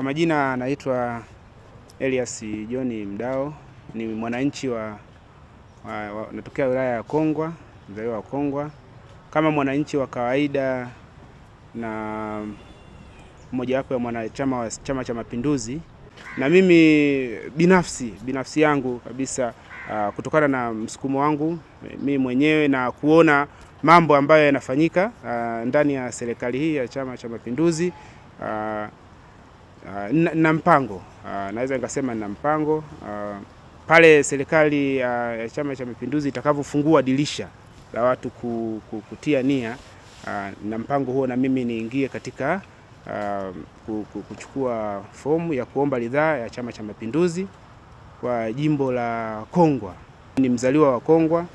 Kwa majina anaitwa Elias John Mdao, ni mwananchi wa, wa, wa natokea wilaya ya Kongwa, mzaliwa wa Kongwa kama mwananchi wa kawaida na mmojawapo ya mwanachama wa Chama cha Mapinduzi. Na mimi binafsi binafsi yangu kabisa uh, kutokana na msukumo wangu mimi mwenyewe na kuona mambo ambayo yanafanyika uh, ndani ya serikali hii ya Chama cha Mapinduzi uh, Ah, na, na mpango uh, naweza nikasema na mpango uh, pale serikali ya uh, Chama cha Mapinduzi itakavyofungua dirisha la watu ku, ku, kutia nia uh, na mpango huo na mimi niingie katika uh, kuchukua fomu ya kuomba ridhaa ya Chama cha Mapinduzi kwa jimbo la Kongwa. Ni mzaliwa wa Kongwa,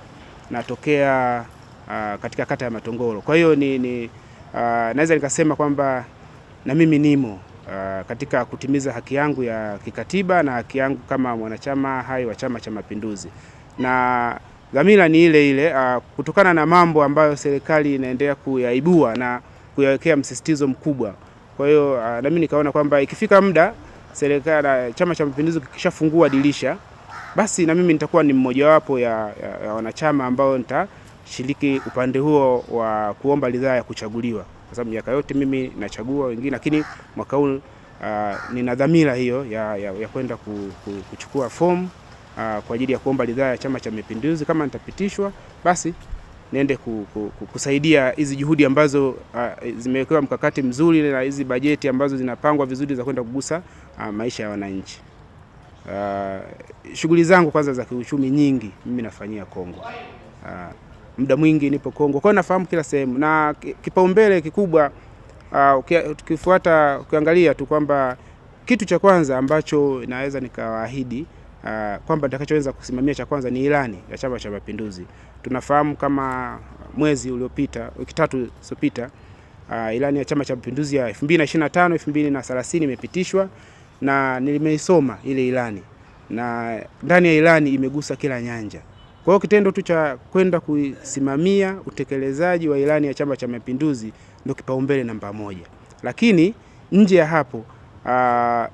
natokea uh, katika kata ya Matongoro. Kwa hiyo ni, ni uh, naweza nikasema kwamba na mimi nimo uh, katika kutimiza haki yangu ya kikatiba na haki yangu kama mwanachama hai wa Chama cha Mapinduzi, na dhamira ni ile ile uh, kutokana na mambo ambayo serikali inaendelea kuyaibua na kuyawekea msisitizo mkubwa. Kwa hiyo uh, na mimi nikaona kwamba ikifika muda serikali Chama cha Mapinduzi kikishafungua dirisha basi na mimi nitakuwa ni mmojawapo ya, ya, ya wanachama ambao nitashiriki upande huo wa kuomba ridhaa ya kuchaguliwa kwa sababu miaka yote mimi nachagua wengine, lakini mwaka huu uh, nina dhamira hiyo ya, ya, ya kwenda ku, ku, kuchukua fomu uh, ah, kwa ajili ya kuomba ridhaa ya Chama cha Mapinduzi. Kama nitapitishwa basi niende ku, ku, ku, kusaidia hizi juhudi ambazo uh, zimewekewa mkakati mzuri na hizi bajeti ambazo zinapangwa vizuri za kwenda kugusa uh, maisha ya wananchi. Uh, shughuli zangu kwanza za kiuchumi nyingi mimi nafanyia Kongwa. Uh, muda mwingi nipo Kongo, kwa hiyo nafahamu kila sehemu na kipaumbele kikubwa uh, tukifuata ukiangalia tu kwamba kitu cha kwanza ambacho naweza nikawaahidi uh, kwamba nitakachoweza kusimamia cha kwanza ni ilani ya Chama cha Mapinduzi. Tunafahamu kama mwezi uliopita, wiki tatu zilizopita uh, ilani ya Chama cha Mapinduzi ya 2025 2030 imepitishwa na nilimeisoma ile ilani, na ndani ya ilani imegusa kila nyanja. Kwa hiyo kitendo tu cha kwenda kusimamia utekelezaji wa ilani ya Chama cha Mapinduzi ndio kipaumbele namba moja, lakini nje ya hapo ah,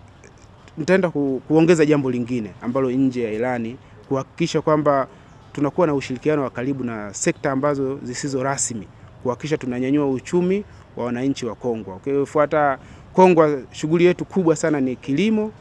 nitaenda ku, kuongeza jambo lingine ambalo nje ya ilani, kuhakikisha kwamba tunakuwa na ushirikiano wa karibu na sekta ambazo zisizo rasmi kuhakikisha tunanyanyua uchumi wa wananchi wa Kongwa. Ukifuata Kongwa, shughuli yetu kubwa sana ni kilimo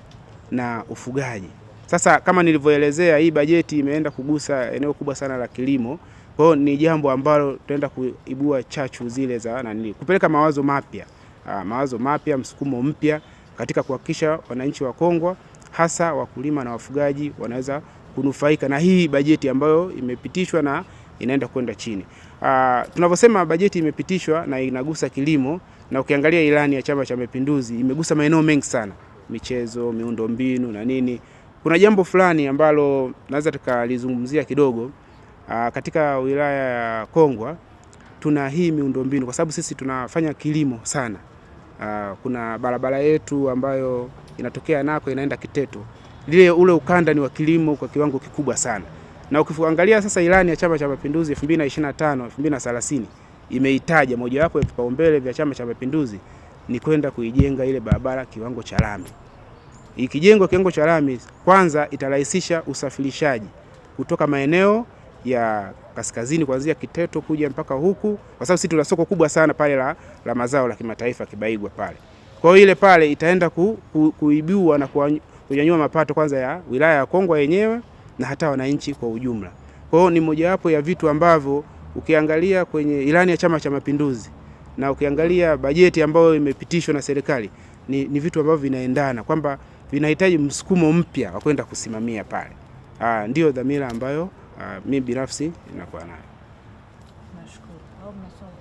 na ufugaji. Sasa kama nilivyoelezea, hii bajeti imeenda kugusa eneo kubwa sana la kilimo. Kwa hiyo ni jambo ambalo tutaenda kuibua chachu zile za nani, kupeleka mawazo mapya, ah, mawazo mapya, msukumo mpya katika kuhakikisha wananchi wa Kongwa hasa wakulima na wafugaji wanaweza kunufaika na hii bajeti ambayo imepitishwa na inaenda kwenda chini. Uh, tunavyosema bajeti imepitishwa na inagusa kilimo, na ukiangalia ilani ya Chama cha Mapinduzi imegusa maeneo mengi sana, michezo, miundombinu na nini. Kuna jambo fulani ambalo naweza tukalizungumzia kidogo. Aa, ah, katika wilaya ya Kongwa tuna hii miundombinu kwa sababu sisi tunafanya kilimo sana. Aa, ah, kuna barabara yetu ambayo inatokea nako inaenda Kiteto, lile ule ukanda ni wa kilimo kwa kiwango kikubwa sana, na ukiangalia sasa ilani ya Chama cha Mapinduzi 2025 2030 imeitaja mojawapo ya vipaumbele vya Chama cha Mapinduzi ni kwenda kuijenga ile barabara kiwango cha lami. Ikijengwa kiwango cha lami, kwanza itarahisisha usafirishaji kutoka maeneo ya kaskazini kuanzia Kiteto kuja mpaka huku, kwa sababu sisi tuna soko kubwa sana pale la, la mazao la kimataifa Kibaigwa pale. Kwa hiyo ile pale itaenda ku, ku, kuibua na kunyanyua mapato kwanza ya wilaya ya Kongwa yenyewe na hata wananchi kwa ujumla. Kwa hiyo ni mojawapo ya vitu ambavyo ukiangalia kwenye ilani ya Chama cha Mapinduzi na ukiangalia bajeti ambayo imepitishwa na serikali ni, ni vitu ambavyo vinaendana kwamba vinahitaji msukumo mpya wa kwenda kusimamia pale. Ah, ndio dhamira ambayo ah, mimi binafsi inakuwa nayo. Nashukuru.